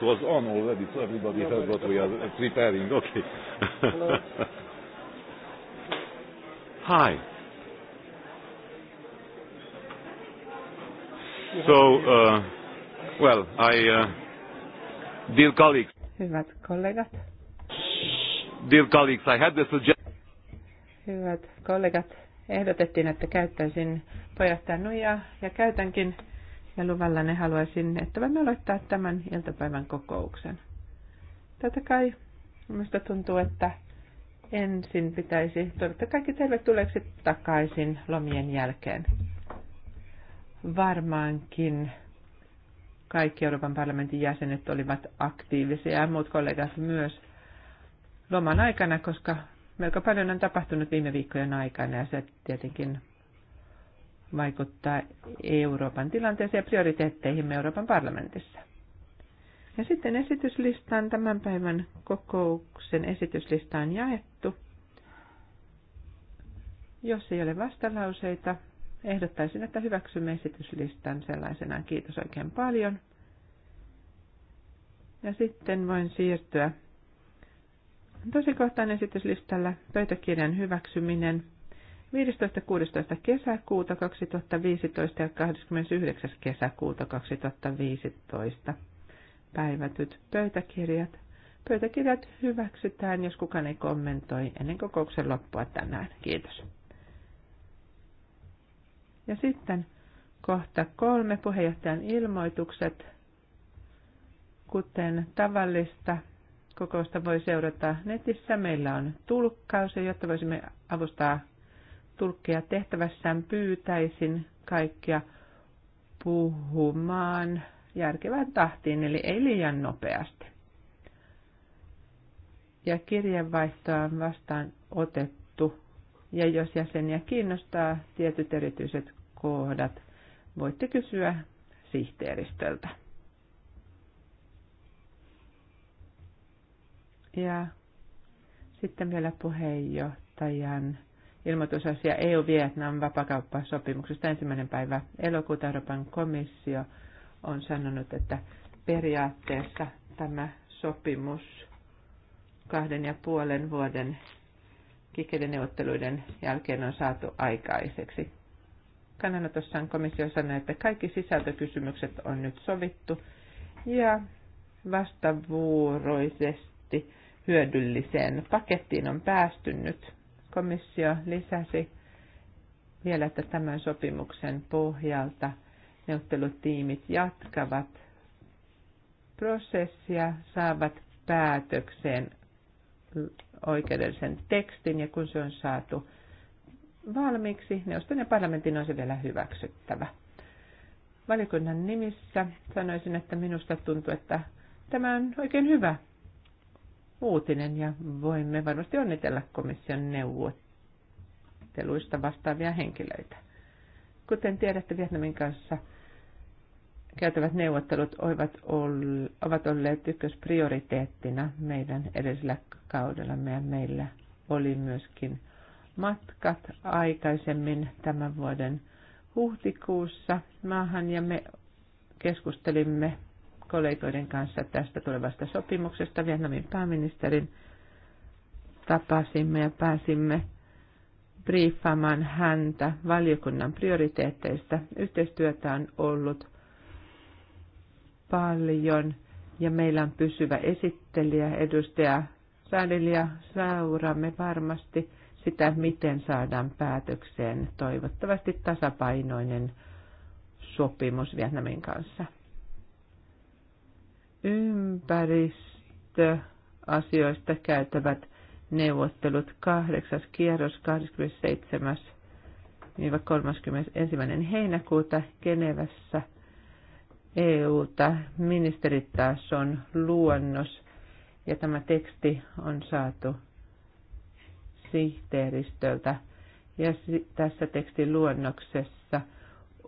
it was on already, so everybody no, heard what we are preparing. Okay. Hi. So, uh, well, I, uh, dear colleagues. Hyvät kollegat. Dear colleagues, I had the suggestion. Hyvät kollegat, ehdotettiin, että käyttäisin pojasta nujaa ja käytänkin ja luvallanne haluaisin, että voimme aloittaa tämän iltapäivän kokouksen. Totta kai minusta tuntuu, että ensin pitäisi toivottaa kaikki tervetulleeksi takaisin lomien jälkeen. Varmaankin kaikki Euroopan parlamentin jäsenet olivat aktiivisia ja muut kollegat myös loman aikana, koska melko paljon on tapahtunut viime viikkojen aikana ja se tietenkin vaikuttaa Euroopan tilanteeseen ja prioriteetteihin Euroopan parlamentissa. Ja sitten esityslistaan tämän päivän kokouksen esityslistaan on jaettu. Jos ei ole vastalauseita, ehdottaisin, että hyväksymme esityslistan sellaisenaan. Kiitos oikein paljon. Ja sitten voin siirtyä tosikohtaan esityslistalla pöytäkirjan hyväksyminen – 15.16. kesäkuuta 2015 ja 29. kesäkuuta 2015 päivätyt pöytäkirjat. Pöytäkirjat hyväksytään, jos kukaan ei kommentoi ennen kokouksen loppua tänään. Kiitos. Ja sitten kohta kolme puheenjohtajan ilmoitukset. Kuten tavallista, kokousta voi seurata netissä. Meillä on tulkkaus jotta voisimme avustaa tulkkeja tehtävässään pyytäisin kaikkia puhumaan järkevään tahtiin, eli ei liian nopeasti. Ja kirjeenvaihtoa on vastaan otettu. Ja jos jäseniä kiinnostaa tietyt erityiset kohdat, voitte kysyä sihteeristöltä. Ja sitten vielä puheenjohtajan ilmoitusasia EU-Vietnam vapakauppasopimuksesta ensimmäinen päivä elokuuta Euroopan komissio on sanonut, että periaatteessa tämä sopimus kahden ja puolen vuoden kikelin neuvotteluiden jälkeen on saatu aikaiseksi. Kannanotossaan komissio sanoi, että kaikki sisältökysymykset on nyt sovittu ja vastavuoroisesti hyödylliseen pakettiin on päästy nyt komissio lisäsi vielä, että tämän sopimuksen pohjalta neuvottelutiimit jatkavat prosessia, saavat päätökseen oikeudellisen tekstin ja kun se on saatu valmiiksi, neuvoston ja parlamentin on se vielä hyväksyttävä. Valikunnan nimissä sanoisin, että minusta tuntuu, että tämä on oikein hyvä uutinen ja voimme varmasti onnitella komission neuvotteluista vastaavia henkilöitä. Kuten tiedätte, Vietnamin kanssa käytävät neuvottelut ovat olleet ykkösprioriteettina meidän edellisellä kaudellamme ja meillä oli myöskin matkat aikaisemmin tämän vuoden huhtikuussa maahan ja me keskustelimme kollegoiden kanssa tästä tulevasta sopimuksesta. Vietnamin pääministerin tapasimme ja pääsimme briefaamaan häntä valiokunnan prioriteetteista. Yhteistyötä on ollut paljon ja meillä on pysyvä esittelijä, edustaja Sadilja. Seuraamme varmasti sitä, miten saadaan päätökseen toivottavasti tasapainoinen sopimus Vietnamin kanssa ympäristöasioista käytävät neuvottelut 8. kierros 27. 31. heinäkuuta EU-ta e ministerit taas on luonnos ja tämä teksti on saatu sihteeristöltä ja tässä tekstin luonnoksessa –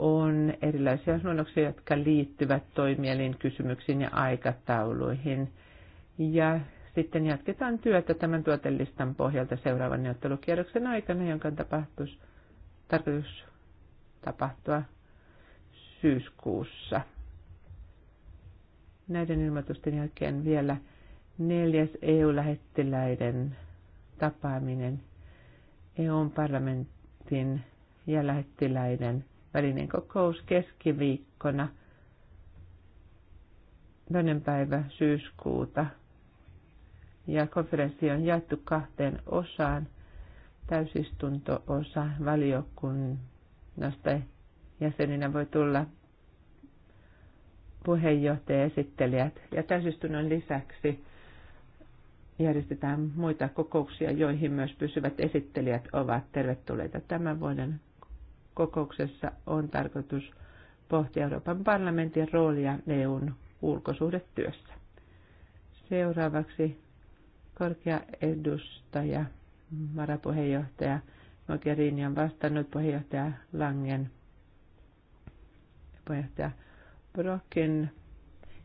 on erilaisia luonnoksia, jotka liittyvät toimielin kysymyksiin ja aikatauluihin. Ja sitten jatketaan työtä tämän tuotelistan pohjalta seuraavan neuvottelukierroksen aikana, jonka tapahtus, tarkoitus tapahtua syyskuussa. Näiden ilmoitusten jälkeen vielä neljäs EU-lähettiläiden tapaaminen eu parlamentin ja lähettiläiden välinen kokous keskiviikkona toinen päivä syyskuuta. Ja konferenssi on jaettu kahteen osaan. Täysistunto-osa valiokunnasta jäseninä voi tulla puheenjohtaja esittelijät. Ja täysistunnon lisäksi järjestetään muita kokouksia, joihin myös pysyvät esittelijät ovat tervetulleita tämän vuoden kokouksessa on tarkoitus pohtia Euroopan parlamentin roolia EUn ulkosuhdetyössä. Seuraavaksi korkea edustaja, varapuheenjohtaja Mogherini on vastannut puheenjohtaja Langen, puheenjohtaja Brokin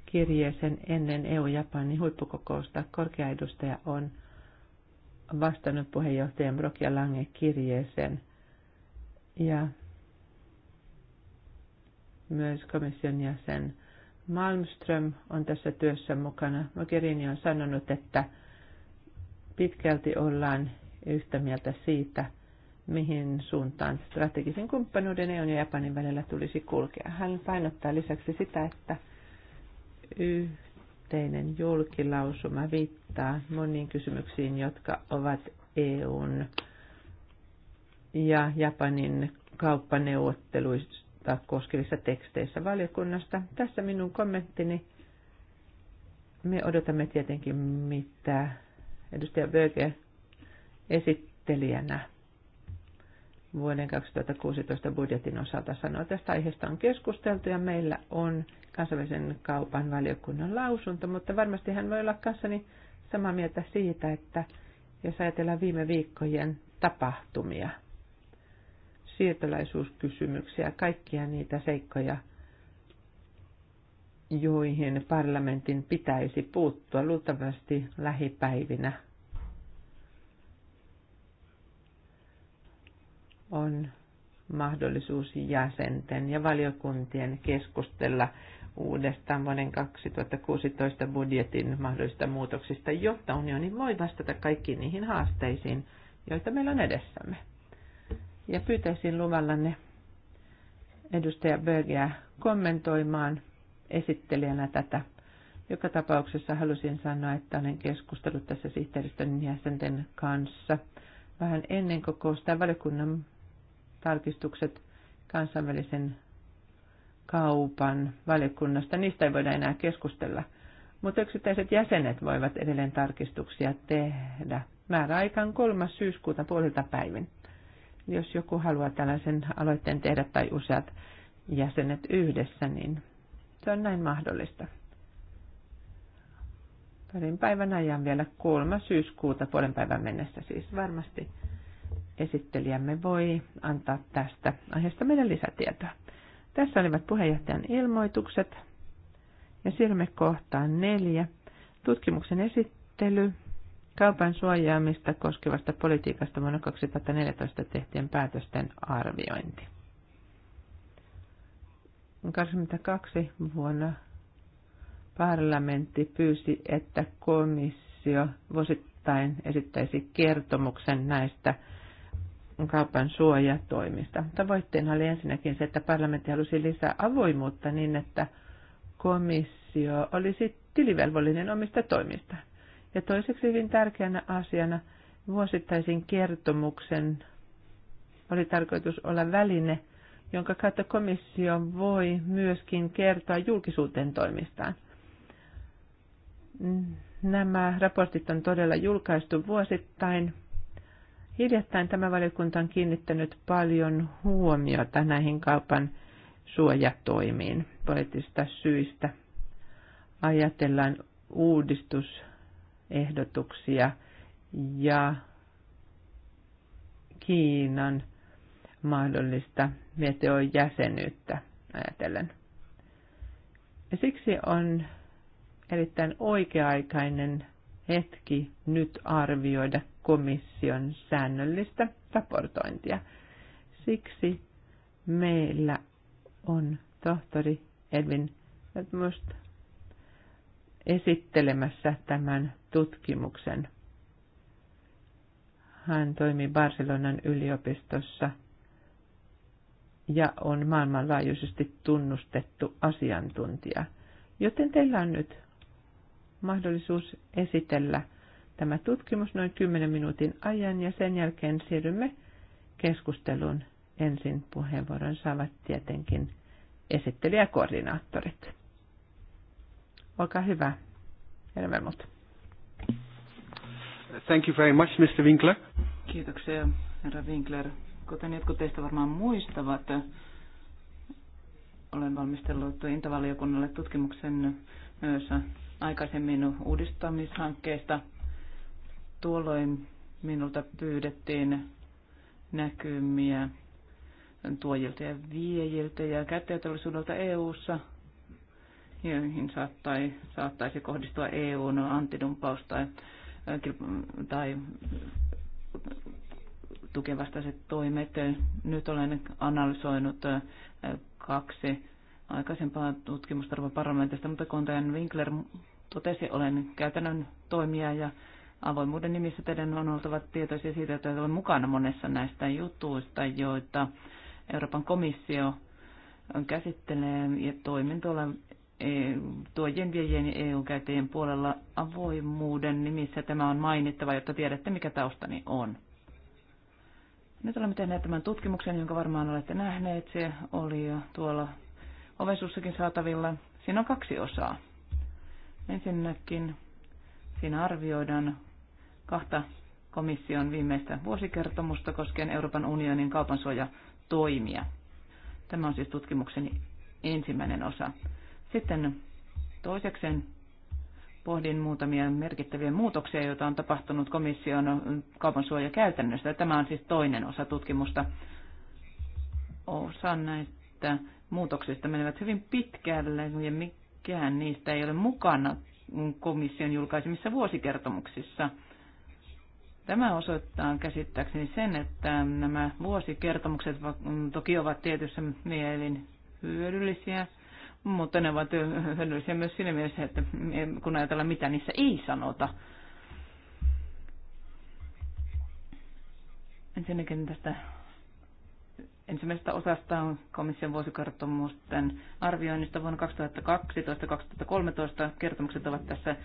kirjeeseen ennen EU-Japanin huippukokousta. Korkea edustaja on vastannut puheenjohtajan Brok ja Lange kirjeeseen ja myös komission jäsen Malmström on tässä työssä mukana. Mogherini on sanonut, että pitkälti ollaan yhtä mieltä siitä, mihin suuntaan strategisen kumppanuuden EU ja Japanin välillä tulisi kulkea. Hän painottaa lisäksi sitä, että yhteinen julkilausuma viittaa moniin kysymyksiin, jotka ovat EUn ja Japanin kauppaneuvotteluissa kohtaa koskevissa teksteissä valiokunnasta. Tässä minun kommenttini. Me odotamme tietenkin, mitä edustaja Böge esittelijänä vuoden 2016 budjetin osalta sanoo. Tästä aiheesta on keskusteltu ja meillä on kansainvälisen kaupan valiokunnan lausunto, mutta varmasti hän voi olla kanssani samaa mieltä siitä, että jos ajatellaan viime viikkojen tapahtumia – siirtolaisuuskysymyksiä, kaikkia niitä seikkoja, joihin parlamentin pitäisi puuttua luultavasti lähipäivinä. On mahdollisuus jäsenten ja valiokuntien keskustella uudestaan vuoden 2016 budjetin mahdollisista muutoksista, jotta unioni voi vastata kaikkiin niihin haasteisiin, joita meillä on edessämme. Ja pyytäisin luvallanne edustaja Bögeä kommentoimaan esittelijänä tätä. Joka tapauksessa halusin sanoa, että olen keskustellut tässä sihteeristön jäsenten kanssa vähän ennen kokousta valiokunnan tarkistukset kansainvälisen kaupan valiokunnasta. Niistä ei voida enää keskustella, mutta yksittäiset jäsenet voivat edelleen tarkistuksia tehdä. Määräaikaan 3. syyskuuta puolilta päivin. Jos joku haluaa tällaisen aloitteen tehdä tai useat jäsenet yhdessä, niin se on näin mahdollista. Parin päivän ajan vielä 3. syyskuuta puolen päivän mennessä siis varmasti esittelijämme voi antaa tästä aiheesta meidän lisätietoa. Tässä olivat puheenjohtajan ilmoitukset ja siirrymme kohtaan neljä. Tutkimuksen esittely. Kaupan suojaamista koskevasta politiikasta vuonna 2014 tehtyjen päätösten arviointi. 22 vuonna parlamentti pyysi, että komissio vuosittain esittäisi kertomuksen näistä kaupan suojatoimista. Tavoitteena oli ensinnäkin se, että parlamentti halusi lisää avoimuutta niin, että komissio olisi tilivelvollinen omista toimistaan. Ja toiseksi hyvin tärkeänä asiana vuosittaisin kertomuksen oli tarkoitus olla väline, jonka kautta komissio voi myöskin kertoa julkisuuteen toimistaan. Nämä raportit on todella julkaistu vuosittain. Hiljattain tämä valiokunta on kiinnittänyt paljon huomiota näihin kaupan suojatoimiin poliittisista syistä. Ajatellaan uudistus ehdotuksia ja Kiinan mahdollista VTO-jäsenyyttä ajatellen. Ja siksi on erittäin oikea-aikainen hetki nyt arvioida komission säännöllistä raportointia. Siksi meillä on tohtori Edwin Edmust esittelemässä tämän tutkimuksen. Hän toimi Barcelonan yliopistossa ja on maailmanlaajuisesti tunnustettu asiantuntija. Joten teillä on nyt mahdollisuus esitellä tämä tutkimus noin 10 minuutin ajan ja sen jälkeen siirrymme keskusteluun. Ensin puheenvuoron saavat tietenkin esittelijäkoordinaattorit. Olkaa hyvä, herra Thank you very much, Mr. Winkler. Kiitoksia, herra Winkler. Kuten jotkut teistä varmaan muistavat, olen valmistellut intavaliokunnalle tutkimuksen myös aikaisemmin uudistamishankkeista. Tuolloin minulta pyydettiin näkymiä tuojilta ja viejiltä ja käyttäjätollisuudelta EU-ssa – joihin saattai, saattaisi kohdistua EUn antidumppaus tai, tai tukevastaiset toimet. Nyt olen analysoinut kaksi aikaisempaa tutkimustarvon parlamentista, mutta Kontajan Winkler totesi, olen käytännön toimija ja avoimuuden nimissä teidän on oltava tietoisia siitä, että olen mukana monessa näistä jutuista, joita Euroopan komissio käsittelee ja toimin tuolla E tuo viejien EU-käyttäjien puolella avoimuuden nimissä tämä on mainittava, jotta tiedätte, mikä taustani on. Nyt olemme tehneet tämän tutkimuksen, jonka varmaan olette nähneet. Se oli jo tuolla ovensuussakin saatavilla. Siinä on kaksi osaa. Ensinnäkin siinä arvioidaan kahta komission viimeistä vuosikertomusta koskien Euroopan unionin kaupansuojatoimia. Tämä on siis tutkimuksen ensimmäinen osa. Sitten toisekseen pohdin muutamia merkittäviä muutoksia, joita on tapahtunut komission kaupansuojakäytännössä. Tämä on siis toinen osa tutkimusta. Osa näistä muutoksista menevät hyvin pitkälle ja mikään niistä ei ole mukana komission julkaisemissa vuosikertomuksissa. Tämä osoittaa käsittääkseni sen, että nämä vuosikertomukset toki ovat tietyssä mielin hyödyllisiä, mutta ne ovat hyödyllisiä myös siinä mielessä, että kun ajatellaan, mitä niissä ei sanota. Ensinnäkin tästä ensimmäisestä osasta on komission vuosikertomusten arvioinnista vuonna 2012-2013. Kertomukset ovat tässä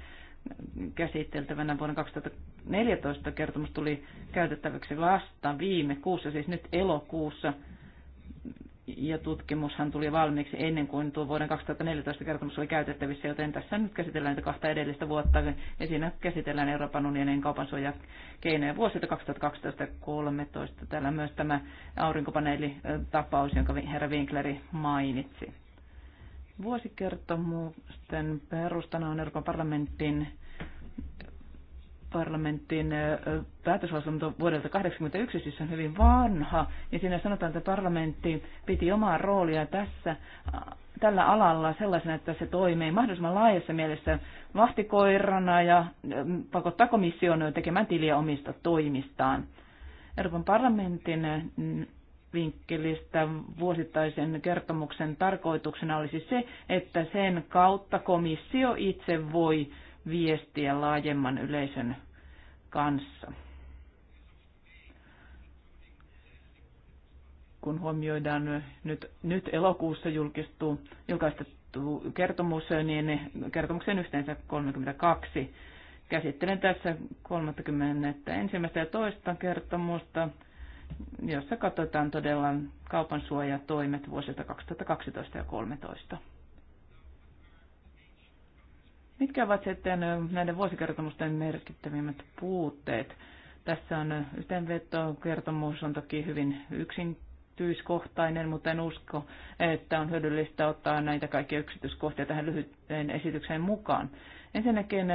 käsiteltävänä vuonna 2014 kertomus tuli käytettäväksi vasta viime kuussa, siis nyt elokuussa ja tutkimushan tuli valmiiksi ennen kuin tuo vuoden 2014 kertomus oli käytettävissä, joten tässä nyt käsitellään niitä kahta edellistä vuotta, ja siinä käsitellään Euroopan unionin kaupansuojakeinoja vuosilta 2012 ja 2013. Täällä myös tämä aurinkopaneelitapaus, jonka herra Winkleri mainitsi. Vuosikertomusten perustana on Euroopan parlamentin parlamentin päätöslausunto vuodelta 1981, siis on hyvin vanha, niin siinä sanotaan, että parlamentti piti omaa roolia tässä, tällä alalla sellaisena, että se toimii mahdollisimman laajassa mielessä vahtikoirana ja pakottaa komission tekemään tiliä omista toimistaan. Euroopan parlamentin vinkkelistä vuosittaisen kertomuksen tarkoituksena olisi se, että sen kautta komissio itse voi viestiä laajemman yleisön kanssa. Kun huomioidaan nyt, nyt elokuussa julkistuu, julkaistettu kertomus, niin kertomuksen yhteensä 32. Käsittelen tässä 31. ja toista kertomusta, jossa katsotaan todella kaupan suojatoimet vuosilta 2012 ja 2013. Mitkä ovat sitten näiden vuosikertomusten merkittävimmät puutteet? Tässä on yhteenveto. Kertomus on toki hyvin yksityiskohtainen, mutta en usko, että on hyödyllistä ottaa näitä kaikkia yksityiskohtia tähän lyhyteen esitykseen mukaan. Ensinnäkin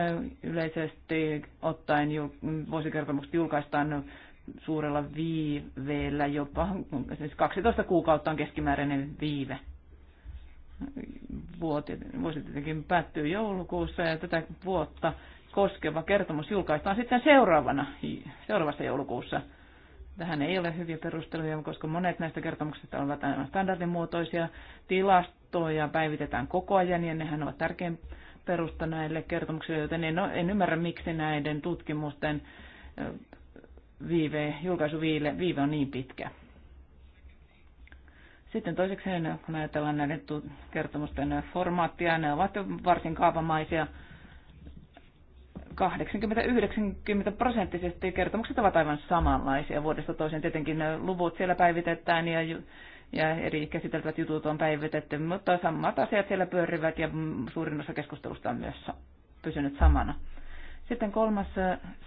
yleisesti ottaen vuosikertomukset julkaistaan suurella viiveellä, jopa siis 12 kuukautta on keskimääräinen viive vuosi, vuosi tietenkin päättyy joulukuussa ja tätä vuotta koskeva kertomus julkaistaan sitten seuraavana, seuraavassa joulukuussa. Tähän ei ole hyviä perusteluja, koska monet näistä kertomuksista ovat aina standardimuotoisia tilastoja, päivitetään koko ajan ja nehän ovat tärkein perusta näille kertomuksille, joten en, en ymmärrä, miksi näiden tutkimusten viive, julkaisuviive viive on niin pitkä. Sitten toiseksi, kun ajatellaan näiden kertomusten formaattia, ne ovat varsin kaavamaisia. 80-90 prosenttisesti kertomukset ovat aivan samanlaisia vuodesta toiseen. Tietenkin luvut siellä päivitetään ja, ja eri käsiteltävät jutut on päivitetty, mutta samat asiat siellä pyörivät ja suurin osa keskustelusta on myös pysynyt samana. Sitten kolmas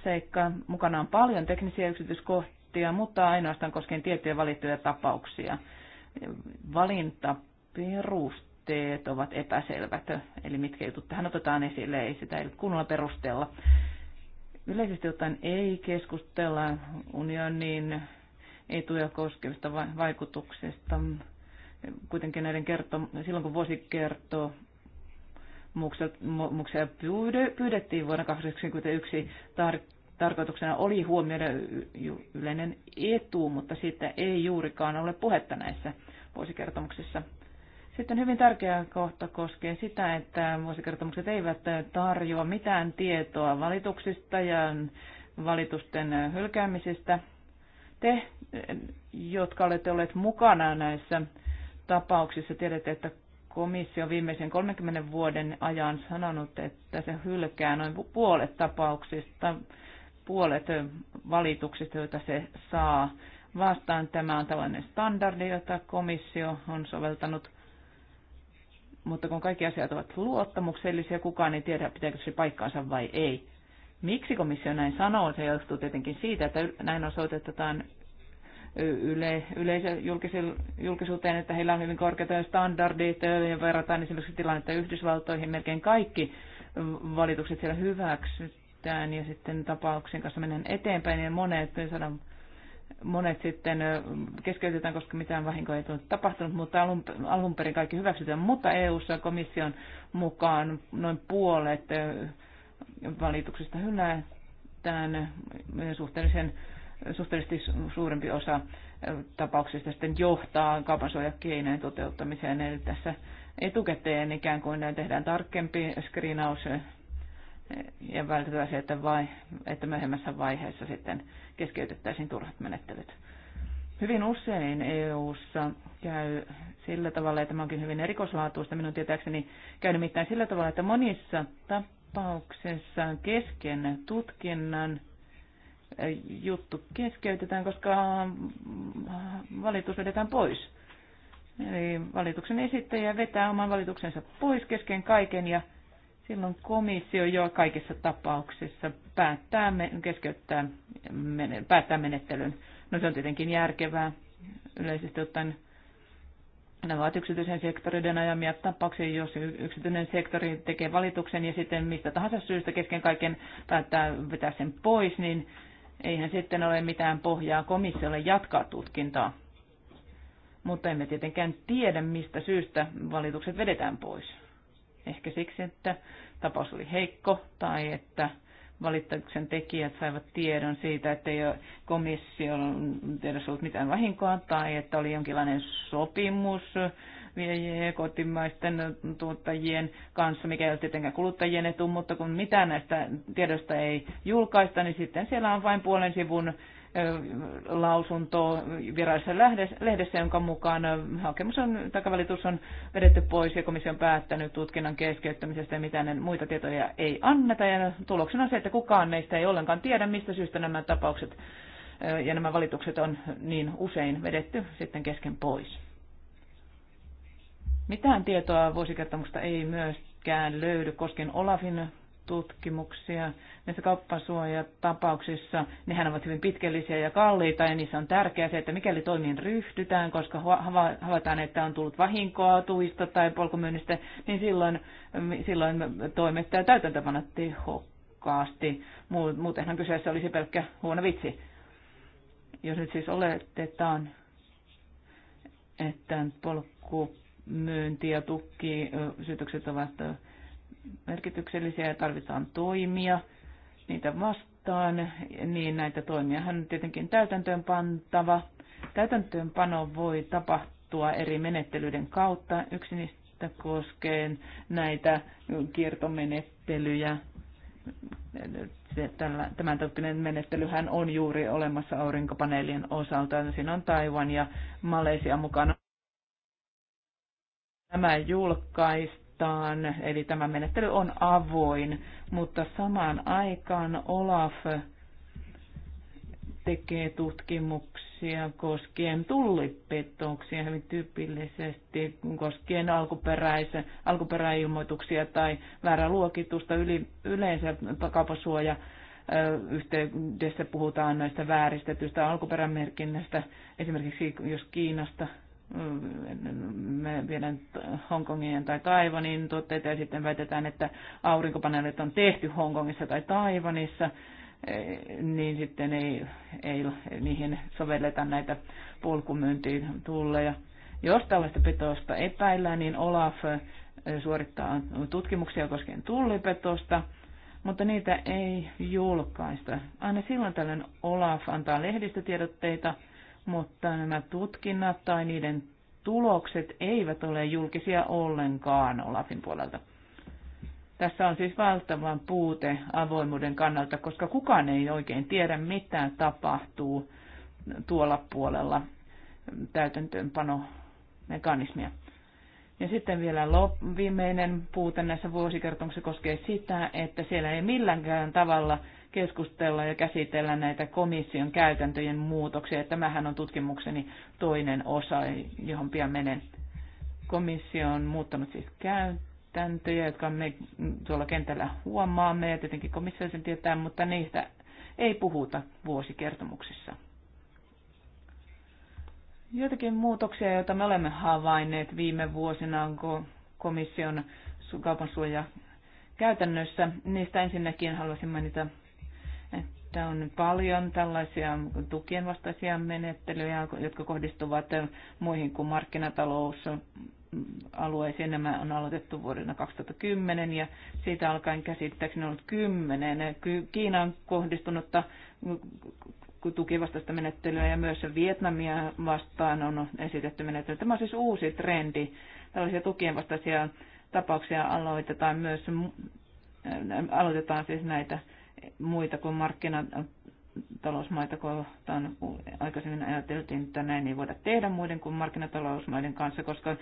seikka. Mukana on paljon teknisiä yksityiskohtia, mutta ainoastaan koskien tiettyjä valittuja tapauksia valintaperusteet ovat epäselvät, eli mitkä jutut tähän otetaan esille, ei sitä ei kunnolla perustella. Yleisesti ottaen ei keskustella unionin etuja koskevista vaikutuksista. Kuitenkin näiden kertom- silloin kun vuosi kertoo, muuksia pyydettiin vuonna 1981 tarkoituksena oli huomioida yleinen etu, mutta siitä ei juurikaan ole puhetta näissä vuosikertomuksissa. Sitten hyvin tärkeä kohta koskee sitä, että vuosikertomukset eivät tarjoa mitään tietoa valituksista ja valitusten hylkäämisistä. Te, jotka olette olleet mukana näissä tapauksissa, tiedätte, että komissio viimeisen 30 vuoden ajan sanonut, että se hylkää noin puolet tapauksista puolet valituksista, joita se saa vastaan. Tämä on tällainen standardi, jota komissio on soveltanut. Mutta kun kaikki asiat ovat luottamuksellisia, kukaan ei tiedä, pitääkö se paikkaansa vai ei. Miksi komissio näin sanoo? Se johtuu tietenkin siitä, että näin osoitetaan yle, yleisö, julkisuuteen, että heillä on hyvin korkeat standardit ja verrataan esimerkiksi tilannetta Yhdysvaltoihin. Melkein kaikki valitukset siellä hyväksytään mitään ja sitten tapauksien kanssa menen eteenpäin ja monet, sanon, monet sitten keskeytetään, koska mitään vahinkoa ei ole tapahtunut, mutta alun, alun perin kaikki hyväksytään. Mutta EU-ssa komission mukaan noin puolet valituksista hylätään suhteellisen suhteellisesti suurempi osa tapauksista sitten johtaa kaupan suojakeinojen toteuttamiseen. Eli tässä etukäteen ikään kuin tehdään tarkempi screenaus ja vältetään se, että, vai, että myöhemmässä vaiheessa sitten keskeytettäisiin turhat menettelyt. Hyvin usein EU-ssa käy sillä tavalla, että tämä onkin hyvin erikoislaatuista minun tietääkseni, käy nimittäin sillä tavalla, että monissa tapauksissa kesken tutkinnan e, juttu keskeytetään, koska valitus vedetään pois. Eli valituksen esittäjä vetää oman valituksensa pois kesken kaiken ja Silloin komissio jo kaikissa tapauksissa päättää, keskeyttää, päättää menettelyn. No se on tietenkin järkevää yleisesti ottaen nämä ovat yksityisen sektorin ajamia tapauksia, jos yksityinen sektori tekee valituksen ja sitten mistä tahansa syystä kesken kaiken päättää vetää sen pois, niin eihän sitten ole mitään pohjaa komissiolle jatkaa tutkintaa. Mutta emme tietenkään tiedä, mistä syystä valitukset vedetään pois. Ehkä siksi, että tapaus oli heikko tai että valittamuksen tekijät saivat tiedon siitä, että ei ole komission tiedossa ollut mitään vahinkoa tai että oli jonkinlainen sopimus kotimaisten tuottajien kanssa, mikä ei ole tietenkään kuluttajien etu, mutta kun mitään näistä tiedosta ei julkaista, niin sitten siellä on vain puolen sivun lausunto virallisessa lehdessä, jonka mukaan hakemus on, takavalitus on vedetty pois ja komissio on päättänyt tutkinnan keskeyttämisestä ja mitään muita tietoja ei anneta. Ja tuloksena on se, että kukaan meistä ei ollenkaan tiedä, mistä syystä nämä tapaukset ja nämä valitukset on niin usein vedetty sitten kesken pois. Mitään tietoa vuosikertomuksesta ei myöskään löydy koskien Olafin tutkimuksia näissä kauppasuojatapauksissa. Nehän ovat hyvin pitkällisiä ja kalliita ja niissä on tärkeää se, että mikäli toimiin ryhdytään, koska havaitaan, että on tullut vahinkoa tuista tai polkumyynnistä, niin silloin, silloin toimet ja täytäntöpana tehokkaasti. Muutenhan kyseessä olisi pelkkä huono vitsi. Jos nyt siis oletetaan, että polkumyynti ja tukki syytökset ovat merkityksellisiä ja tarvitaan toimia niitä vastaan, niin näitä toimia on tietenkin täytäntöön pantava. Täytäntöönpano voi tapahtua eri menettelyiden kautta. Yksi niistä koskee näitä kiertomenettelyjä. Tämän tyyppinen menettelyhän on juuri olemassa aurinkopaneelien osalta. Siinä on Taiwan ja Malesia mukana. Nämä julkaistu suuntaan, eli tämä menettely on avoin, mutta samaan aikaan Olaf tekee tutkimuksia koskien tullipetoksia hyvin tyypillisesti, koskien alkuperäisen, alkuperäilmoituksia tai väärä luokitusta. Yli, yleensä kapasuoja yhteydessä puhutaan näistä vääristetyistä alkuperämerkinnästä, esimerkiksi jos Kiinasta me viedään Hongkongiin tai Taivanin tuotteita ja sitten väitetään, että aurinkopaneelit on tehty Hongkongissa tai Taivanissa, e, niin sitten ei, ei niihin sovelleta näitä polkumyyntiin tulleja. Jos tällaista petosta epäillään, niin Olaf e, suorittaa tutkimuksia koskien tullipetosta, mutta niitä ei julkaista. Aina silloin tällöin Olaf antaa lehdistötiedotteita – mutta nämä tutkinnat tai niiden tulokset eivät ole julkisia ollenkaan Olafin puolelta. Tässä on siis valtavan puute avoimuuden kannalta, koska kukaan ei oikein tiedä, mitä tapahtuu tuolla puolella täytäntöönpanomekanismia. Ja sitten vielä viimeinen puute näissä vuosikertomuksissa koskee sitä, että siellä ei milläänkään tavalla – keskustella ja käsitellä näitä komission käytäntöjen muutoksia. Tämähän on tutkimukseni toinen osa, johon pian menen. Komissio on muuttanut siis käytäntöjä, jotka me tuolla kentällä huomaamme ja tietenkin komissio sen tietää, mutta niistä ei puhuta vuosikertomuksissa. Joitakin muutoksia, joita me olemme havainneet viime vuosina, onko komission kaupansuoja käytännössä. Niistä ensinnäkin haluaisin mainita että on paljon tällaisia tukien vastaisia menettelyjä, jotka kohdistuvat muihin kuin alueisiin. Nämä on aloitettu vuodena 2010 ja siitä alkaen käsittääkseni on ollut kymmenen Kiinaan kohdistunutta tukivastaista menettelyä ja myös Vietnamia vastaan on esitetty menettely. Tämä on siis uusi trendi. Tällaisia tukien vastaisia tapauksia aloitetaan myös aloitetaan siis näitä muita kuin markkinatalousmaita kohtaan. Aikaisemmin ajateltiin, että näin ei voida tehdä muiden kuin markkinatalousmaiden kanssa, koska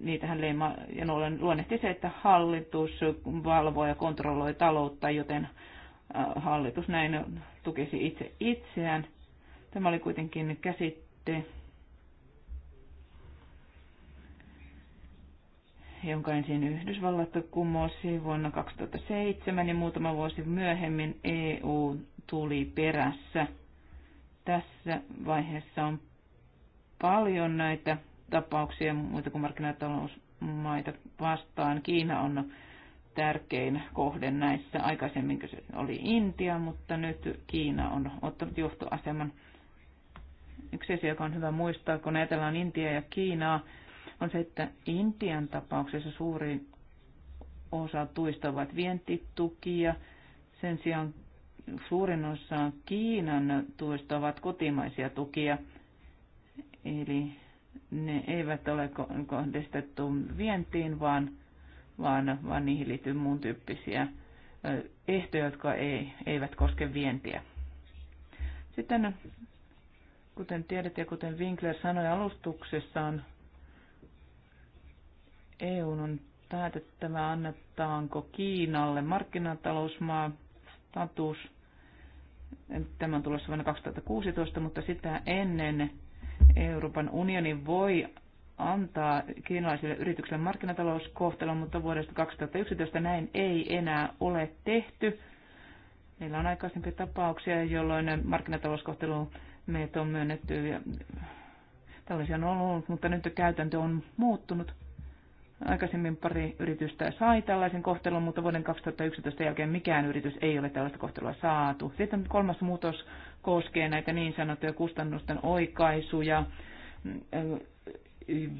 niitähän leima ja luonnehti se, että hallitus valvoo ja kontrolloi taloutta, joten hallitus näin tukisi itse itseään. Tämä oli kuitenkin käsitte jonka ensin Yhdysvallat kumosi vuonna 2007, niin muutama vuosi myöhemmin EU tuli perässä. Tässä vaiheessa on paljon näitä tapauksia muita kuin markkinatalousmaita vastaan. Kiina on tärkein kohde näissä. Aikaisemmin se oli Intia, mutta nyt Kiina on ottanut johtoaseman. Yksi asia, joka on hyvä muistaa, kun ajatellaan Intiaa ja Kiinaa, on se, että Intian tapauksessa suurin osa tuista ovat vientitukia. Sen sijaan suurin osa Kiinan tuista ovat kotimaisia tukia. Eli ne eivät ole kohdistettu vientiin, vaan, vaan, vaan niihin liittyy muun tyyppisiä ehtoja, jotka ei, eivät koske vientiä. Sitten, kuten tiedät ja kuten Winkler sanoi alustuksessaan, EUn on päätettävä, annetaanko Kiinalle markkinatalousmaa status. Tämä on tulossa vuonna 2016, mutta sitä ennen Euroopan unioni voi antaa kiinalaisille yrityksille markkinatalouskohtelun, mutta vuodesta 2011 näin ei enää ole tehty. Meillä on aikaisempia tapauksia, jolloin markkinatalouskohtelu meitä on myönnetty ja tällaisia on ollut, mutta nyt käytäntö on muuttunut. Aikaisemmin pari yritystä sai tällaisen kohtelun, mutta vuoden 2011 jälkeen mikään yritys ei ole tällaista kohtelua saatu. Sitten kolmas muutos koskee näitä niin sanottuja kustannusten oikaisuja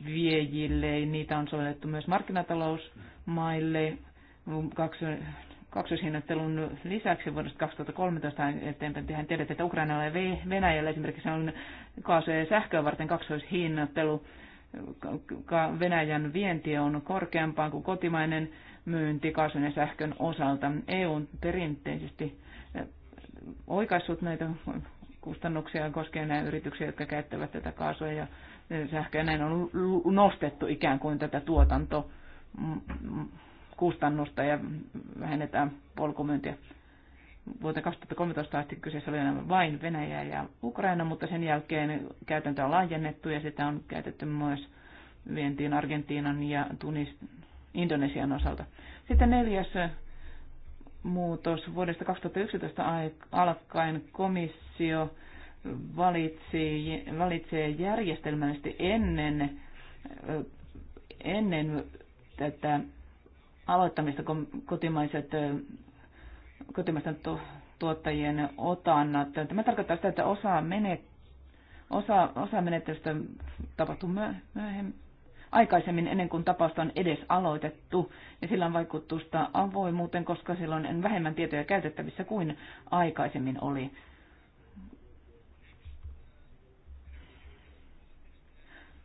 viejille. Niitä on sovellettu myös markkinatalousmaille. Kaksoishinnattelun lisäksi vuodesta 2013 eteenpäin tehän tiedät, että Ukrainalla ja Venäjällä esimerkiksi on kaasu- ja sähköä varten kaksoishinnattelu Venäjän vienti on korkeampaa kuin kotimainen myynti kaasun ja sähkön osalta. EU on perinteisesti eh, oikaissut näitä kustannuksia koskien näitä yrityksiä, jotka käyttävät tätä kaasua ja eh, sähköä. Näin on nostettu ikään kuin tätä tuotantokustannusta ja vähennetään polkumyyntiä vuoteen 2013 asti kyseessä oli enää vain Venäjä ja Ukraina, mutta sen jälkeen käytäntö on laajennettu ja sitä on käytetty myös vientiin Argentiinan ja Tunis, Indonesian osalta. Sitten neljäs muutos. Vuodesta 2011 alkaen komissio valitsi, valitsee järjestelmällisesti ennen, ennen tätä aloittamista kotimaiset kotimaisten tuottajien otannat. Tämä tarkoittaa sitä, että osa, mene, osa, osa menettelystä tapahtuu myöhemmin, aikaisemmin ennen kuin tapausta on edes aloitettu, ja sillä on vaikutusta avoimuuteen, koska silloin on vähemmän tietoja käytettävissä kuin aikaisemmin oli.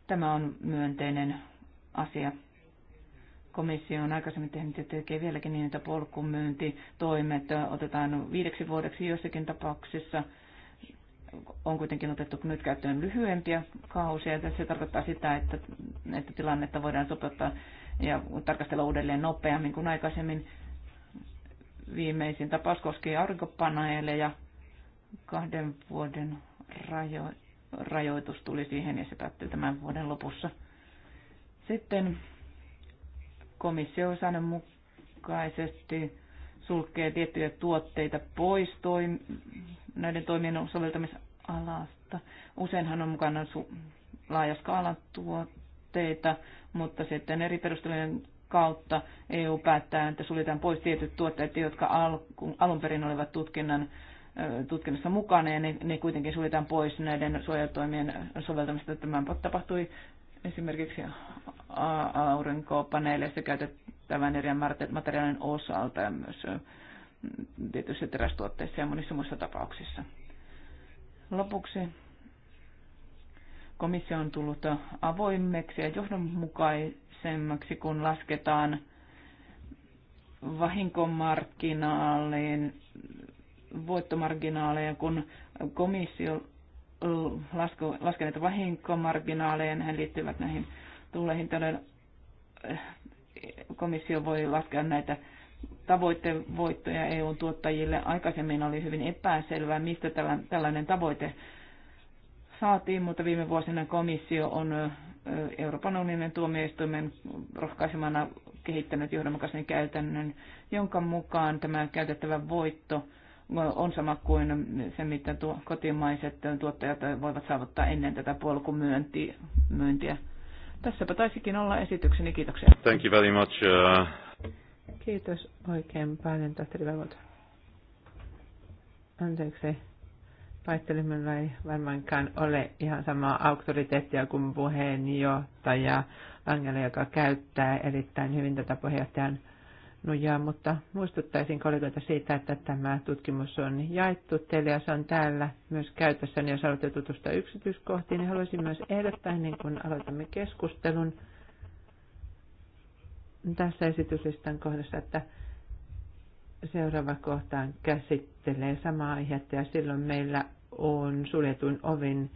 Tämä on myönteinen asia komissio on aikaisemmin tehnyt ja tekee vieläkin niin, että polkumyyntitoimet otetaan viideksi vuodeksi joissakin tapauksissa. On kuitenkin otettu nyt käyttöön lyhyempiä kausia. Se tarkoittaa sitä, että, että tilannetta voidaan sopeuttaa ja tarkastella uudelleen nopeammin kuin aikaisemmin. Viimeisin tapaus koski aurinkopaneeleja. Kahden vuoden rajo, rajoitus tuli siihen ja se päättyy tämän vuoden lopussa. Sitten komissio mukaisesti sulkee tiettyjä tuotteita pois toi, näiden toimien soveltamisalasta. Useinhan on mukana su- laaja skaalan tuotteita, mutta sitten eri perustelujen kautta EU päättää, että suljetaan pois tietyt tuotteet, jotka al- alun perin olivat tutkinnan tutkinnassa mukana ja ne, ne kuitenkin suljetaan pois näiden suojatoimien soveltamista. Tämä tapahtui esimerkiksi aurinkopaneeleissa käytettävän eri materiaalin osalta ja myös tietyissä terästuotteissa ja monissa muissa tapauksissa. Lopuksi komissio on tullut avoimeksi ja johdonmukaisemmaksi, kun lasketaan vahinkomarginaalien voittomarginaaleja, kun komissio lasku, laskeneet vahinkomarginaaleja, liittyvät näihin tuuleihin. Tällöin eh, komissio voi laskea näitä voittoja EUn tuottajille. Aikaisemmin oli hyvin epäselvää, mistä tällainen tavoite saatiin, mutta viime vuosina komissio on Euroopan unionin tuomioistuimen rohkaisemana kehittänyt johdonmukaisen käytännön, jonka mukaan tämä käytettävä voitto – on sama kuin se, mitä tuo, kotimaiset tuottajat voivat saavuttaa ennen tätä polkumyyntiä. Tässäpä taisikin olla esitykseni. Kiitoksia. Thank you very much. Uh, Kiitos oikein paljon, tohtori Vävolta. Anteeksi, paittelimella ei varmaankaan ole ihan samaa auktoriteettia kuin puheenjohtaja Angela, joka käyttää erittäin hyvin tätä puheenjohtajan nojaa, mutta muistuttaisin kollegoita siitä, että tämä tutkimus on jaettu teille ja se on täällä myös käytössä. Niin jos haluatte tutustua yksityiskohtiin, niin haluaisin myös ehdottaa, niin kun aloitamme keskustelun tässä esityslistan kohdassa, että seuraava kohtaan käsittelee samaa aihetta ja silloin meillä on suljetun ovin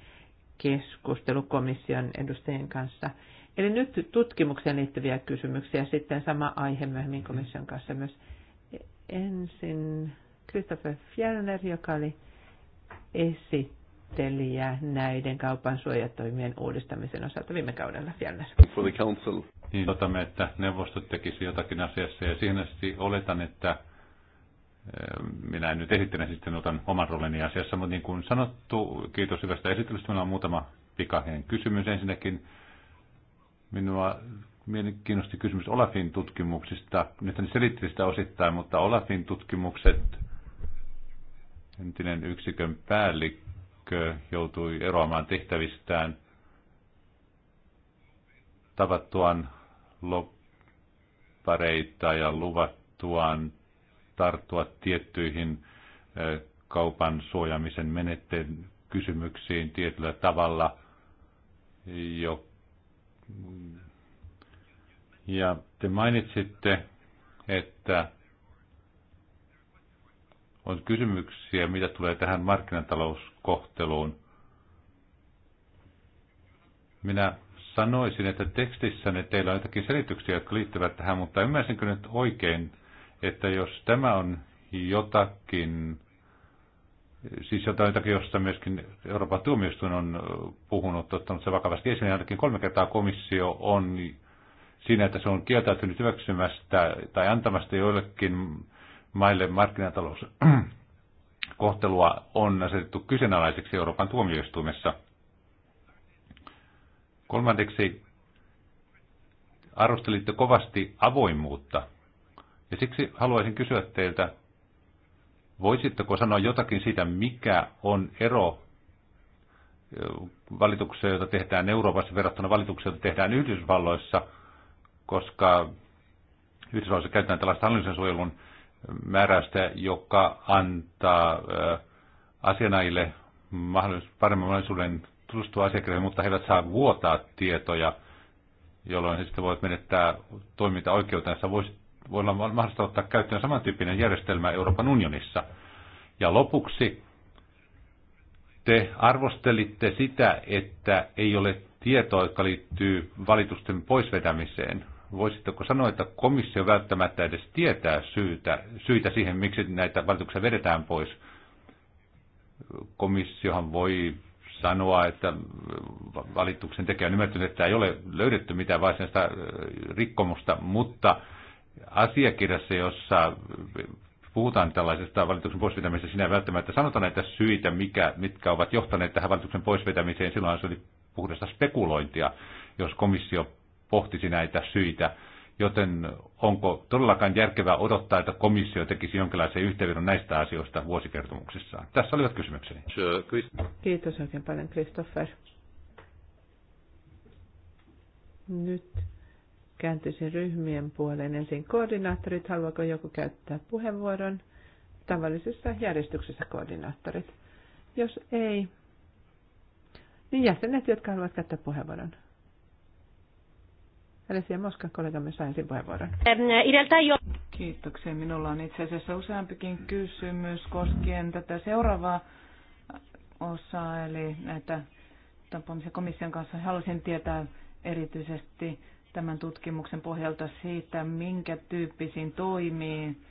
keskustelu komission edustajien kanssa – Eli nyt tutkimukseen liittyviä kysymyksiä, sitten sama aihe myöhemmin komission kanssa myös. Ensin Christopher Fjellner, joka oli esittelijä näiden kaupan suojatoimien uudistamisen osalta viime kaudella. Fjellner. For the council. Niin otamme, että neuvostot tekisi jotakin asiassa ja siihen asti oletan, että eh, minä en nyt esittele, siis sitten otan oman rooleni asiassa, mutta niin kuin sanottu, kiitos hyvästä esittelystä. Meillä on muutama pikahien kysymys ensinnäkin Minua kiinnosti kysymys Olafin tutkimuksista. Nyt hän selitti sitä osittain, mutta Olafin tutkimukset, entinen yksikön päällikkö joutui eroamaan tehtävistään tavattuaan loppareita ja luvattuaan tarttua tiettyihin kaupan suojaamisen menetteen kysymyksiin tietyllä tavalla, joka ja te mainitsitte, että on kysymyksiä, mitä tulee tähän markkinatalouskohteluun. Minä sanoisin, että tekstissä, ne teillä on jotakin selityksiä, jotka liittyvät tähän, mutta ymmärsinkö nyt oikein, että jos tämä on jotakin, siis jotain, jotakin, josta myöskin Euroopan tuomioistuin on puhunut, ottanut se vakavasti esille. Ainakin kolme kertaa komissio on siinä, että se on kieltäytynyt hyväksymästä tai antamasta joillekin maille markkinatalous kohtelua on asetettu kyseenalaiseksi Euroopan tuomioistuimessa. Kolmanneksi arvostelitte kovasti avoimuutta. Ja siksi haluaisin kysyä teiltä, Voisitteko sanoa jotakin siitä, mikä on ero valituksia, joita tehdään Euroopassa verrattuna valituksia, joita tehdään Yhdysvalloissa, koska Yhdysvalloissa käytetään tällaista hallinnollisen suojelun määräystä, joka antaa asianajille mahdollis- paremman mahdollisuuden tutustua asiakirjoihin, mutta he eivät saa vuotaa tietoja, jolloin he sitten voivat menettää toimintaoikeutensa. Voisi, voi olla mahdollista ottaa käyttöön samantyyppinen järjestelmä Euroopan unionissa. Ja lopuksi te arvostelitte sitä, että ei ole tietoa, joka liittyy valitusten poisvetämiseen. Voisitteko sanoa, että komissio välttämättä edes tietää syytä, syitä siihen, miksi näitä valituksia vedetään pois? Komissiohan voi sanoa, että valituksen tekijä on ymmärtänyt, että ei ole löydetty mitään varsinaista rikkomusta, mutta asiakirjassa, jossa puhutaan tällaisesta valituksen poisvetämisestä, sinä välttämättä sanotaan näitä syitä, mikä, mitkä ovat johtaneet tähän valituksen poisvetämiseen. Silloin se oli puhdasta spekulointia, jos komissio pohtisi näitä syitä. Joten onko todellakaan järkevää odottaa, että komissio tekisi jonkinlaisen yhteenvedon näistä asioista vuosikertomuksissaan? Tässä olivat kysymykseni. Kiitos oikein paljon, Christopher. Nyt kääntyisin ryhmien puoleen ensin koordinaattorit. Haluaako joku käyttää puheenvuoron? Tavallisessa järjestyksessä koordinaattorit. Jos ei, niin jäsenet, jotka haluavat käyttää puheenvuoron. Alessia Moska, kollegamme, saa ensin puheenvuoron. jo. Kiitoksia. Minulla on itse asiassa useampikin kysymys koskien tätä seuraavaa osaa, eli näitä tapaamisia komission kanssa. Haluaisin tietää erityisesti tämän tutkimuksen pohjalta siitä, minkä tyyppisiin toimiin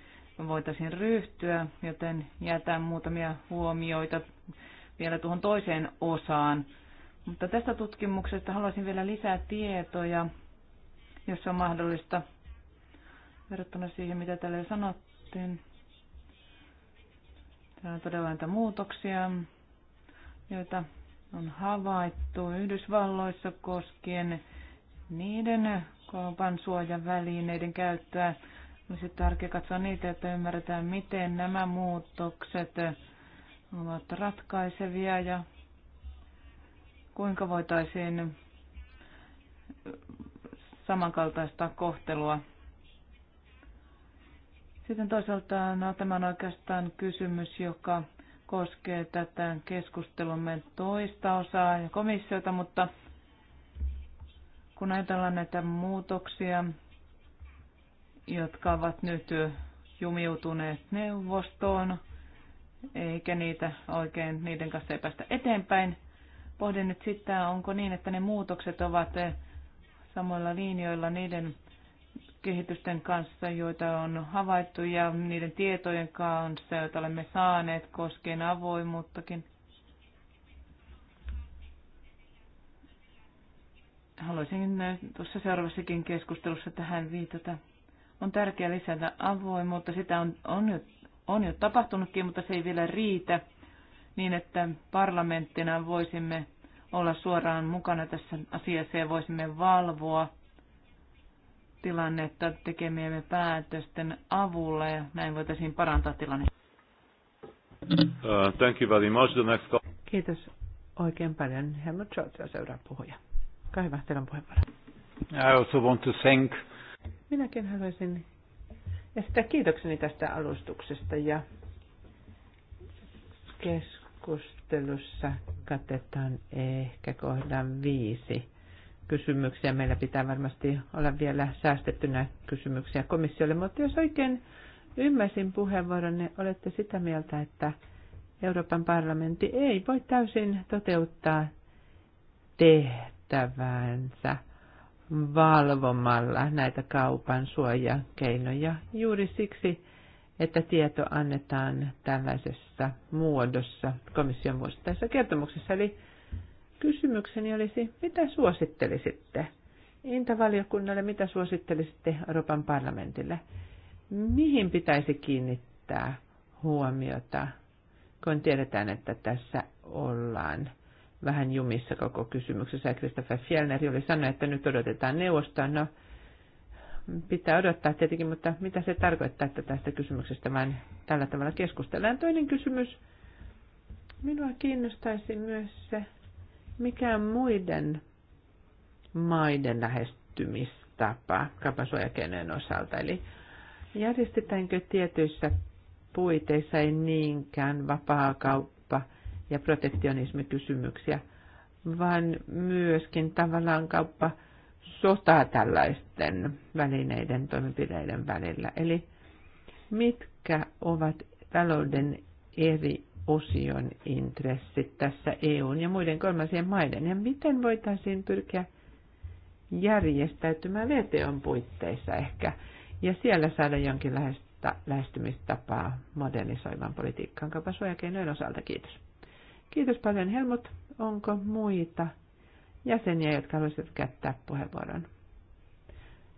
voitaisiin ryhtyä, joten jätän muutamia huomioita vielä tuohon toiseen osaan. Mutta tästä tutkimuksesta haluaisin vielä lisää tietoja, jos on mahdollista, verrattuna siihen, mitä täällä jo sanottiin. Täällä on todella näitä muutoksia, joita on havaittu Yhdysvalloissa koskien niiden kaupan välineiden käyttöä. Olisi tärkeää katsoa niitä, että ymmärretään, miten nämä muutokset ovat ratkaisevia ja kuinka voitaisiin samankaltaista kohtelua. Sitten toisaalta no, tämä on oikeastaan kysymys, joka koskee tätä keskustelumme toista osaa ja komissiota, mutta kun ajatellaan näitä muutoksia, jotka ovat nyt jumiutuneet neuvostoon, eikä niitä oikein, niiden kanssa ei päästä eteenpäin. Pohdin nyt sitä, onko niin, että ne muutokset ovat samoilla linjoilla niiden kehitysten kanssa, joita on havaittu ja niiden tietojen kanssa, joita olemme saaneet koskien avoimuuttakin Haluaisin äh, tuossa seuraavassakin keskustelussa tähän viitata. On tärkeää lisätä avoimuutta. Sitä on, on, jo, on jo tapahtunutkin, mutta se ei vielä riitä niin, että parlamenttina voisimme olla suoraan mukana tässä asiassa ja voisimme valvoa tilannetta tekemiemme päätösten avulla ja näin voitaisiin parantaa tilannetta. Uh, thank you very much. The next... Kiitos oikein paljon. Helmut Schultz ja seuraava puhuja. Olkaa hyvä, teillä on puheenvuoro. I also want to thank... Minäkin haluaisin esittää kiitokseni tästä alustuksesta ja keskustelussa katsotaan ehkä kohdan viisi kysymyksiä. Meillä pitää varmasti olla vielä säästettynä kysymyksiä komissiolle, mutta jos oikein ymmärsin puheenvuoronne, niin olette sitä mieltä, että Euroopan parlamentti ei voi täysin toteuttaa tehtävää ystävänsä valvomalla näitä kaupan suojakeinoja juuri siksi, että tieto annetaan tällaisessa muodossa komission vuosittaisessa kertomuksessa. Eli kysymykseni olisi, mitä suosittelisitte Intavaliokunnalle, mitä suosittelisitte Euroopan parlamentille? Mihin pitäisi kiinnittää huomiota, kun tiedetään, että tässä ollaan – vähän jumissa koko kysymyksessä. Christopher Fjellner oli sanonut, että nyt odotetaan neuvostoa. No, pitää odottaa tietenkin, mutta mitä se tarkoittaa, että tästä kysymyksestä vain tällä tavalla keskustellaan. Toinen kysymys. Minua kiinnostaisi myös se, mikä on muiden maiden lähestymistapa kapasuojakenen osalta. Eli järjestetäänkö tietyissä puiteissa ei niinkään vapaa ja protektionismikysymyksiä, vaan myöskin tavallaan kauppa sotaa tällaisten välineiden toimenpiteiden välillä. Eli mitkä ovat talouden eri osion intressit tässä EUn ja muiden kolmansien maiden, ja miten voitaisiin pyrkiä järjestäytymään VTOn puitteissa ehkä, ja siellä saada jonkin lähestymistapaa modernisoivan politiikkaan kaupan suojakeinojen osalta. Kiitos. Kiitos paljon Helmut. Onko muita jäseniä, jotka haluaisivat käyttää puheenvuoron?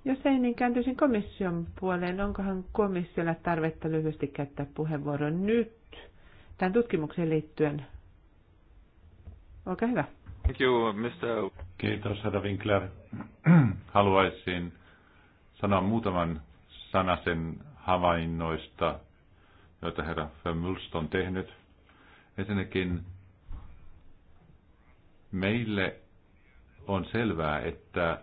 Jos ei, niin kääntyisin komission puoleen. Onkohan komissiolla tarvetta lyhyesti käyttää puheenvuoron nyt tämän tutkimukseen liittyen? Olkaa hyvä. Thank you, Mr. Kiitos, herra Winkler. Haluaisin sanoa muutaman sanasen havainnoista, joita herra Vermulst on tehnyt. Ensinnäkin Meille on selvää, että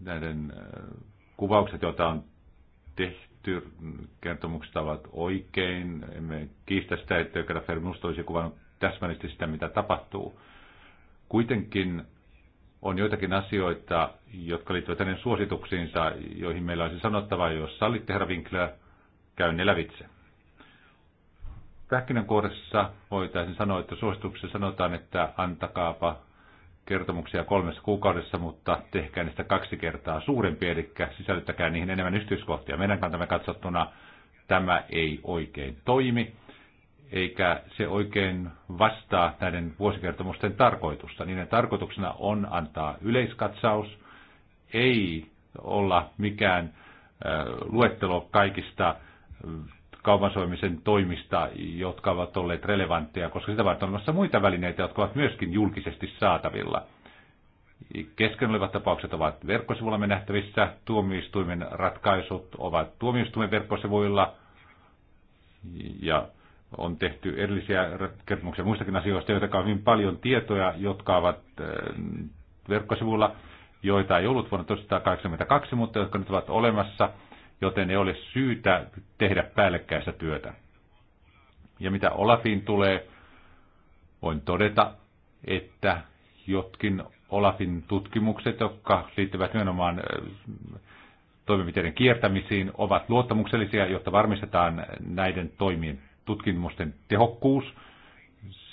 näiden äh, kuvaukset, joita on tehty kertomukset ovat oikein. Emme kiistä sitä, että Grafer Musta olisi kuvannut täsmällisesti sitä, mitä tapahtuu. Kuitenkin on joitakin asioita, jotka liittyvät hänen suosituksiinsa, joihin meillä olisi sanottavaa, jos sallitte, herra Winkler, käyn ne lävitse pähkinänkuoressa voitaisiin sanoa, että suosituksessa sanotaan, että antakaapa kertomuksia kolmessa kuukaudessa, mutta tehkää niistä kaksi kertaa suurempi, eli sisällyttäkää niihin enemmän yksityiskohtia. Meidän kantamme katsottuna tämä ei oikein toimi, eikä se oikein vastaa näiden vuosikertomusten tarkoitusta. Niiden tarkoituksena on antaa yleiskatsaus, ei olla mikään luettelo kaikista kaupansoimisen toimista, jotka ovat olleet relevantteja, koska sitä varten on olemassa muita välineitä, jotka ovat myöskin julkisesti saatavilla. Kesken olevat tapaukset ovat verkkosivuilla nähtävissä, tuomioistuimen ratkaisut ovat tuomioistuimen verkkosivuilla ja on tehty erillisiä kertomuksia muistakin asioista, joita on hyvin paljon tietoja, jotka ovat eh, verkkosivuilla, joita ei ollut vuonna 1982, mutta jotka nyt ovat olemassa – joten ei ole syytä tehdä päällekkäistä työtä. Ja mitä Olafiin tulee, voin todeta, että jotkin Olafin tutkimukset, jotka liittyvät nimenomaan toimenpiteiden kiertämisiin, ovat luottamuksellisia, jotta varmistetaan näiden toimien tutkimusten tehokkuus.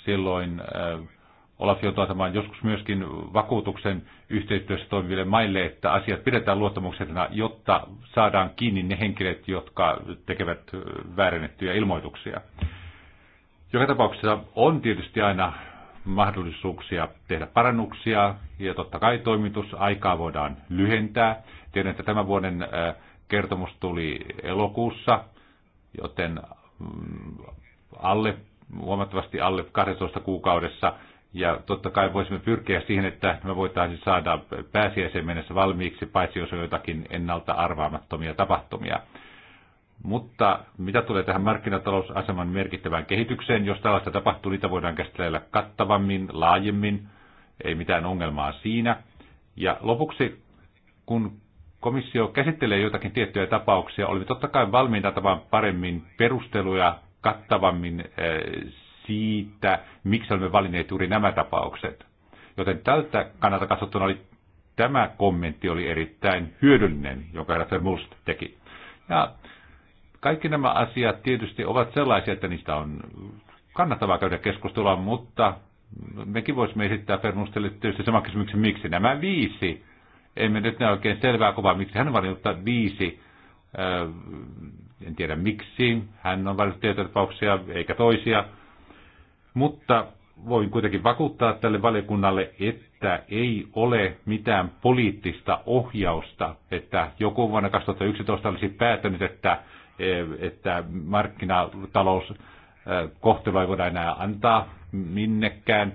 Silloin äh, Olaf joutuu antamaan joskus myöskin vakuutuksen yhteistyössä toimiville maille, että asiat pidetään luottamuksellisena, jotta saadaan kiinni ne henkilöt, jotka tekevät väärennettyjä ilmoituksia. Joka tapauksessa on tietysti aina mahdollisuuksia tehdä parannuksia ja totta kai toimitusaikaa voidaan lyhentää. Tiedän, että tämän vuoden kertomus tuli elokuussa, joten mm, alle, huomattavasti alle 12 kuukaudessa – ja totta kai voisimme pyrkiä siihen, että me voitaisiin saada pääsiäisen mennessä valmiiksi, paitsi jos on jotakin ennalta arvaamattomia tapahtumia. Mutta mitä tulee tähän markkinatalousaseman merkittävään kehitykseen, jos tällaista tapahtuu, niitä voidaan käsitellä kattavammin, laajemmin, ei mitään ongelmaa siinä. Ja lopuksi, kun komissio käsittelee jotakin tiettyjä tapauksia, olimme totta kai valmiita tavan paremmin perusteluja kattavammin eh, siitä, miksi olemme valinneet juuri nämä tapaukset. Joten tältä kannalta katsottuna oli, tämä kommentti oli erittäin hyödyllinen, jonka Rafael Must teki. Ja kaikki nämä asiat tietysti ovat sellaisia, että niistä on kannattavaa käydä keskustelua, mutta mekin voisimme esittää Fernustelle tietysti saman kysymyksen, miksi nämä viisi, emme nyt näe oikein selvää kuvaa, miksi hän on valinnut viisi, en tiedä miksi, hän on valinnut tiettyjä tapauksia eikä toisia, mutta voin kuitenkin vakuuttaa tälle valiokunnalle, että ei ole mitään poliittista ohjausta, että joku vuonna 2011 olisi päätänyt, että, eh, että markkinatalous eh, kohtelua ei voida enää antaa minnekään.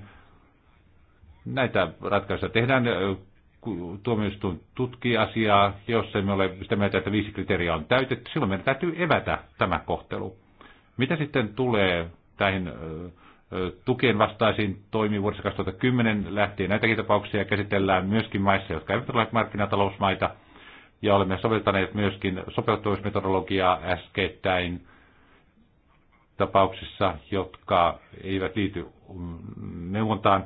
Näitä ratkaisuja tehdään, eh, tuomioistuin tutkii asiaa, jos emme ole sitä mieltä, että viisi kriteeriä on täytetty, silloin meidän täytyy evätä tämä kohtelu. Mitä sitten tulee tähän? äh, tukien vastaisiin toimi vuodessa 2010 lähtien. Näitäkin tapauksia käsitellään myöskin maissa, jotka eivät ole markkinatalousmaita, ja olemme soveltaneet myöskin sopeutumismetodologiaa äskettäin tapauksissa, jotka eivät liity mm, neuvontaan.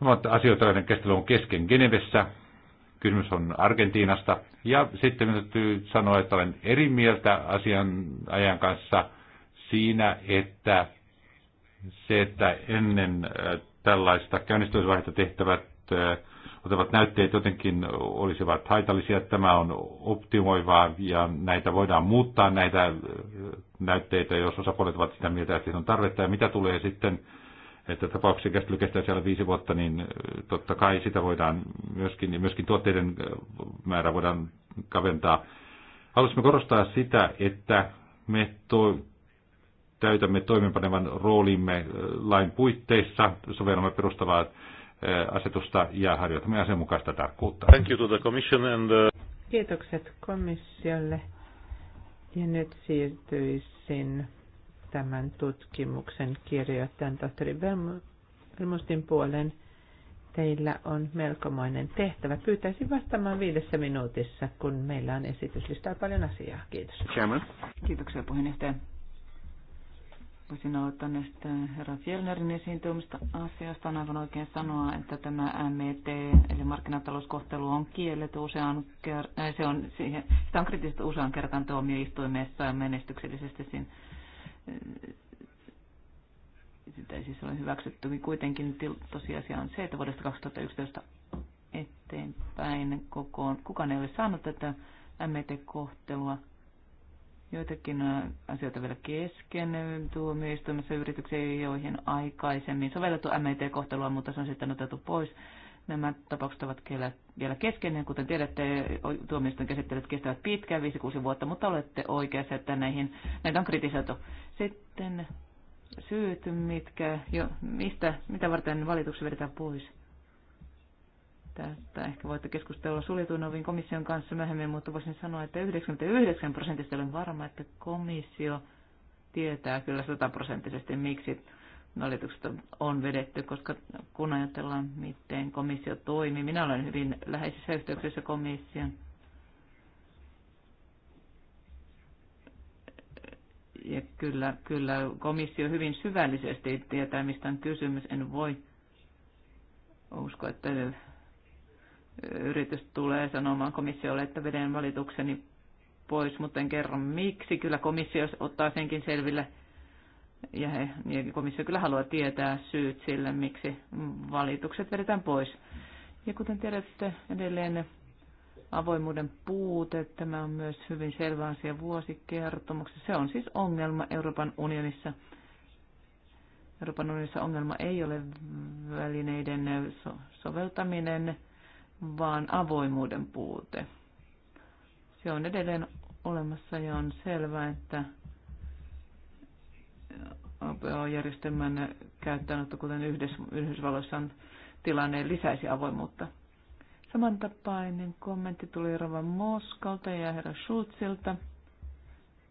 Nämä asioita, joiden käsittely on kesken Genevessä. Kysymys on Argentiinasta. Ja sitten minun täytyy sanoa, että olen eri mieltä asian ajan kanssa siinä, että se, että ennen äh, tällaista käynnistysvaihetta tehtävät äh, otavat näytteet jotenkin olisivat haitallisia. Tämä on optimoivaa ja näitä voidaan muuttaa näitä äh, näytteitä, jos osapuolet ovat sitä mieltä, että on tarvetta. Ja mitä tulee sitten, että tapauksen käsittely kestää siellä viisi vuotta, niin totta kai sitä voidaan myöskin, niin myöskin tuotteiden määrä voidaan kaventaa. Haluaisimme korostaa sitä, että me täytämme toimenpanevan roolimme äh, lain puitteissa, sovellamme perustavaa äh, asetusta ja harjoitamme asianmukaista tarkkuutta. Thank you to the commission and the... Uh, Kiitokset komissiolle. Ja nyt siirtyisin tämän tutkimuksen kirjoittajan tohtori Velmustin puolen. Teillä on melkomoinen tehtävä. Pyytäisin vastaamaan viidessä minuutissa, kun meillä on esityslistaa paljon asiaa. Kiitos. Chairman. Kiitoksia puheenjohtaja. Voisin aloittaa näistä herra Fjellnerin esiintymistä asiasta. On aivan oikein sanoa, että tämä MET, eli markkinatalouskohtelu, on kielletty usean kertaan. Äh, se on, siihen, sitä on kritisoitu usean kertaan tuomioistuimessa ja menestyksellisesti siinä äh, sitä ei siis ole hyväksytty. Kuitenkin tosiasia on se, että vuodesta 2011 eteenpäin kokoon, kukaan ei ole saanut tätä MET-kohtelua joitakin äh, asioita vielä kesken äh, tuomioistuimessa yrityksiä, joihin aikaisemmin sovellettu MET-kohtelua, mutta se on sitten otettu pois. Nämä tapaukset ovat vielä kesken, kuten tiedätte, tuomioistuin käsittelyt kestävät pitkään, 5-6 vuotta, mutta olette oikeassa, että näihin, näitä on kritisoitu. Sitten syyt, mitkä, jo, mistä, mitä varten valituksia vedetään pois? Tästä ehkä voitte keskustella suljetuin ovin komission kanssa myöhemmin, mutta voisin sanoa, että 99 prosentista olen varma, että komissio tietää kyllä sataprosenttisesti, miksi valitukset on vedetty, koska kun ajatellaan, miten komissio toimii, minä olen hyvin läheisissä yhteyksissä komission ja kyllä, kyllä komissio hyvin syvällisesti tietää, mistä on kysymys. En voi uskoa, että yritys tulee sanomaan komissiolle, että veden valitukseni pois, mutta en kerro miksi. Kyllä komissio ottaa senkin selville ja, he, niin komissio kyllä haluaa tietää syyt sille, miksi valitukset vedetään pois. Ja kuten tiedätte, edelleen avoimuuden puute, tämä on myös hyvin selvä asia vuosikertomuksessa. Se on siis ongelma Euroopan unionissa. Euroopan unionissa ongelma ei ole välineiden so- soveltaminen, vaan avoimuuden puute. Se on edelleen olemassa ja on selvää, että APO-järjestelmän käyttöönotto, kuten Yhdysvalloissa on tilanne, lisäisi avoimuutta. Samantapainen kommentti tuli Rova Moskalta ja herra Schulzilta.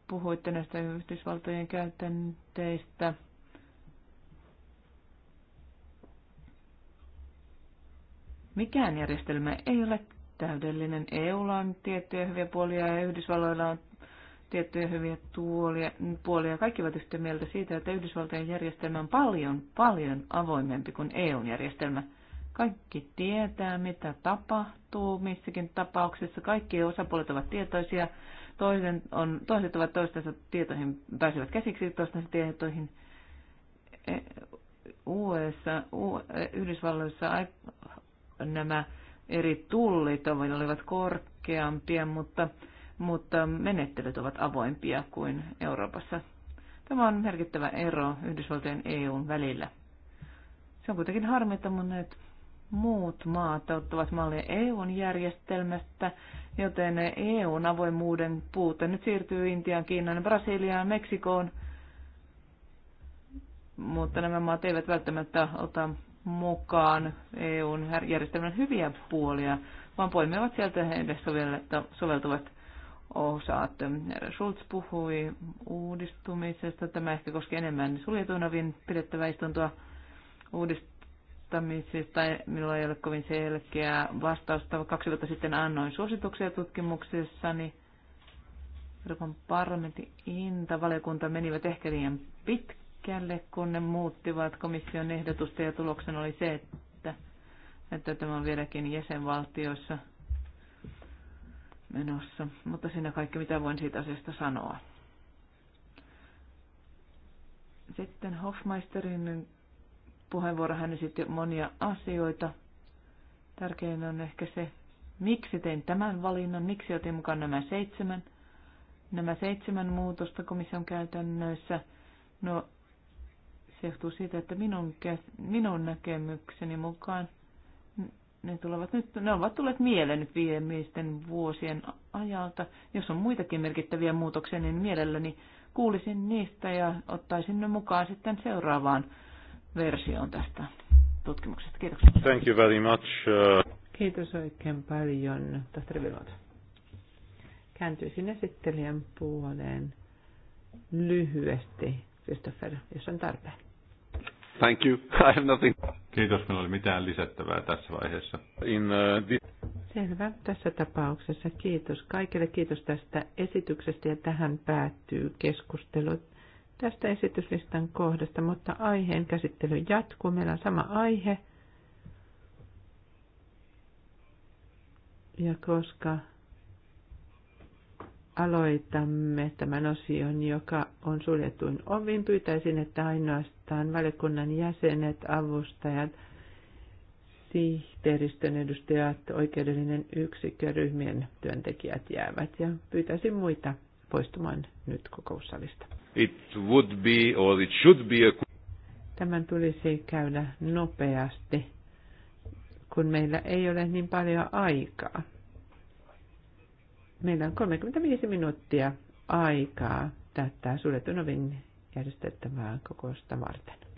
Puhuitte näistä Yhdysvaltojen käytänteistä Mikään järjestelmä ei ole täydellinen. EUlla on tiettyjä hyviä puolia ja Yhdysvalloilla on tiettyjä hyviä tuolia, puolia. Kaikki ovat yhtä mieltä siitä, että Yhdysvaltojen järjestelmä on paljon, paljon avoimempi kuin EUn järjestelmä. Kaikki tietää, mitä tapahtuu missäkin tapauksessa. Kaikki osapuolet ovat tietoisia. Toisen on, toiset ovat toistensa tietoihin, pääsevät käsiksi toistensa tietoihin. E USA, Yhdysvalloissa nämä eri tullit olivat korkeampia, mutta, mutta menettelyt ovat avoimpia kuin Euroopassa. Tämä on merkittävä ero Yhdysvaltojen EUn välillä. Se on kuitenkin harmi, että monet muut maat ottavat mallia EUn järjestelmästä, joten EUn avoimuuden puute nyt siirtyy Intiaan, Kiinaan, Brasiliaan, Meksikoon, mutta nämä maat eivät välttämättä ota mukaan EUn järjestelmän hyviä puolia, vaan poimivat sieltä heille soveltuvat osaat. Schulz puhui uudistumisesta. Tämä ehkä koski enemmän suljetuina pidettävä istuntoa uudistamisesta. Minulla ei ole kovin selkeää vastausta. Kaksi vuotta sitten annoin suosituksia tutkimuksessani. Euroopan parlamentin intavaliokunta menivät ehkä liian pitkään pitkälle, kun ne muuttivat komission ehdotusta ja tuloksen oli se, että, että tämä on vieläkin jäsenvaltioissa menossa. Mutta siinä kaikki, mitä voin siitä asiasta sanoa. Sitten Hofmeisterin puheenvuoro, hän esitti monia asioita. Tärkein on ehkä se, miksi tein tämän valinnan, miksi otin mukaan nämä seitsemän, nämä seitsemän muutosta komission käytännöissä. No, se johtuu siitä, että minun, käs, minun näkemykseni mukaan ne, tulevat nyt, ne ovat tulleet mieleen nyt viimeisten vuosien ajalta. Jos on muitakin merkittäviä muutoksia, niin mielelläni kuulisin niistä ja ottaisin ne mukaan sitten seuraavaan versioon tästä tutkimuksesta. Kiitoksia. Thank you very much. Uh, Kiitos oikein paljon, tohtori Vilmot. Kääntyisin esittelijän puoleen lyhyesti, Christopher, jos on tarpeen. Thank you. I have nothing. Kiitos, minulla oli mitään lisättävää tässä vaiheessa. In, uh, this... Selvä tässä tapauksessa. Kiitos kaikille. Kiitos tästä esityksestä ja tähän päättyy keskustelu tästä esityslistan kohdasta, mutta aiheen käsittely jatkuu. Meillä on sama aihe. Ja koska aloitamme tämän osion, joka on suljetuin ovin. Pyytäisin, että ainoastaan valiokunnan jäsenet, avustajat, sihteeristön edustajat, oikeudellinen yksikkö, ryhmien työntekijät jäävät ja pyytäisin muita poistumaan nyt kokoussalista. It would be, or it should be a... Tämän tulisi käydä nopeasti, kun meillä ei ole niin paljon aikaa. Meillä on 35 minuuttia aikaa tätä suljetun ovin järjestettävää kokousta varten.